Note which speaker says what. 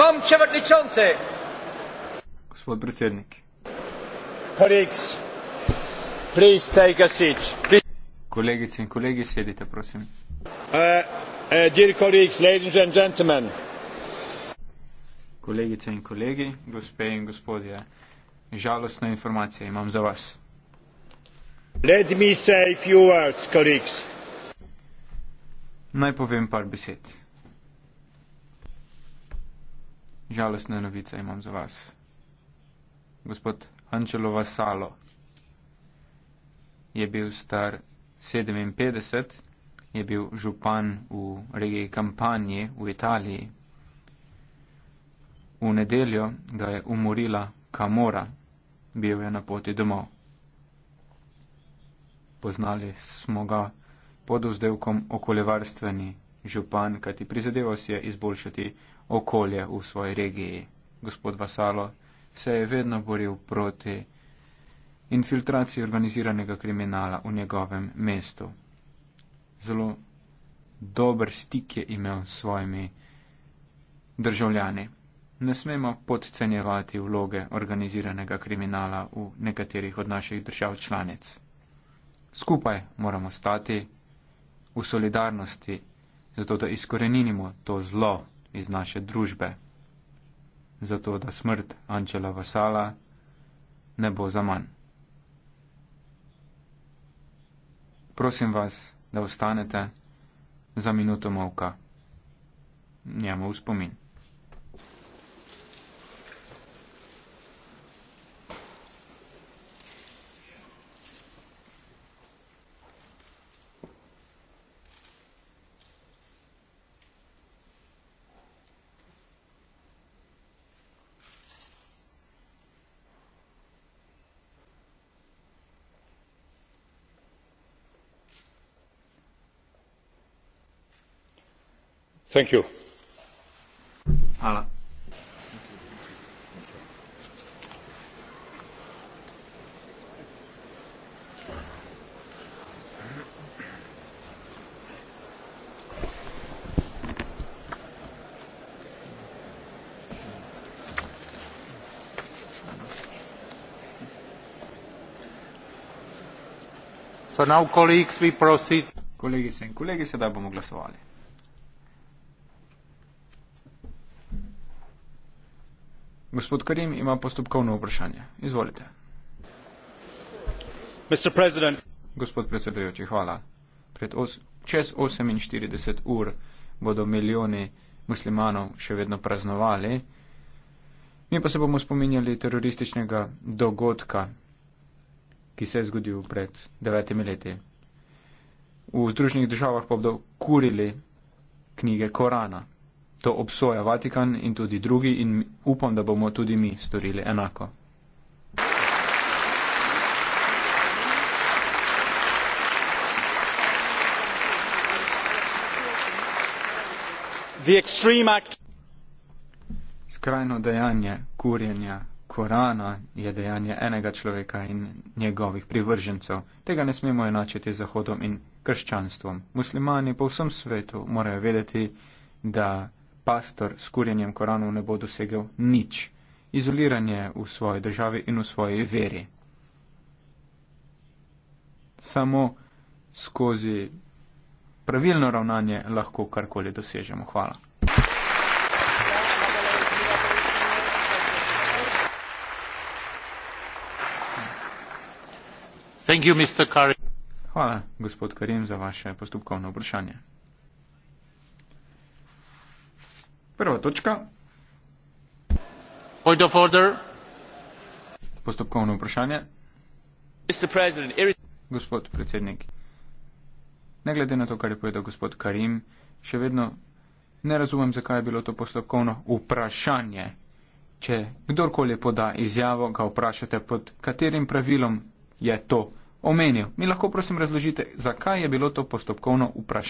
Speaker 1: Gospod predsednik. Gospod predsednik. Kolegs, please take a seat. Kolegice in kolegi, sedite, prosim. Uh, uh, dear colleagues, ladies and gentlemen. Kolegice in kolegi, gospe in gospodje, žalostna informacija imam za vas. Let me say a few words, colleagues. Naj povem par besed. žalostne novice imam za vas. Gospod Ančelo Vasalo je bil star 57, je bil župan v regiji kampanji v Italiji. V nedeljo ga je umorila kamora, bil je na poti domov. Poznali smo ga pod vzdevkom okoljevarstveni župan, kajti prizadeval si je izboljšati okolje v svoji regiji. Gospod Vasalo se je vedno boril proti infiltraciji organiziranega kriminala v njegovem mestu. Zelo dober stik je imel s svojimi državljani. Ne smemo podcenjevati vloge organiziranega kriminala v nekaterih od naših držav članic. Skupaj moramo stati v solidarnosti zato da izkoreninimo to zlo iz naše družbe, zato da smrt Ančela Vasala ne bo za manj. Prosim vas, da ostanete za minuto molka. Njemu v spomin. thank you hvala so now colleagues we proceed kolegice in kolegi sedaj bomo glasovali Gospod Karim ima postopkovno vprašanje. Izvolite. Gospod predsedujoči, hvala. Pred os, čez 48 ur bodo milijoni muslimanov še vedno praznovali, mi pa se bomo spominjali terorističnega dogodka, ki se je zgodil pred devetimi leti. V združnih državah pa bodo kurili knjige Korana. To obsoja Vatikan in tudi drugi in upam, da bomo tudi mi storili enako. Skrajno dejanje kurjenja Korana je dejanje enega človeka in njegovih privržencev. Tega ne smemo enačiti z Zahodom in krščanstvom. Muslimani po vsem svetu morajo vedeti, da pastor s kurjenjem koranov ne bo dosegel nič. Izoliranje v svoji državi in v svoji veri. Samo skozi pravilno ravnanje lahko karkoli dosežemo. Hvala. Hvala, gospod Karim, za vaše postopkovno vprašanje. Prva točka. Point of order. Postopkovno vprašanje. Gospod predsednik, ne glede na to, kar je povedal gospod Karim, še vedno ne razumem, zakaj je bilo to postopkovno vprašanje. Če kdorkoli poda izjavo, ga vprašate, pod katerim pravilom je to omenil. Mi lahko prosim razložite, zakaj je bilo to postopkovno vprašanje.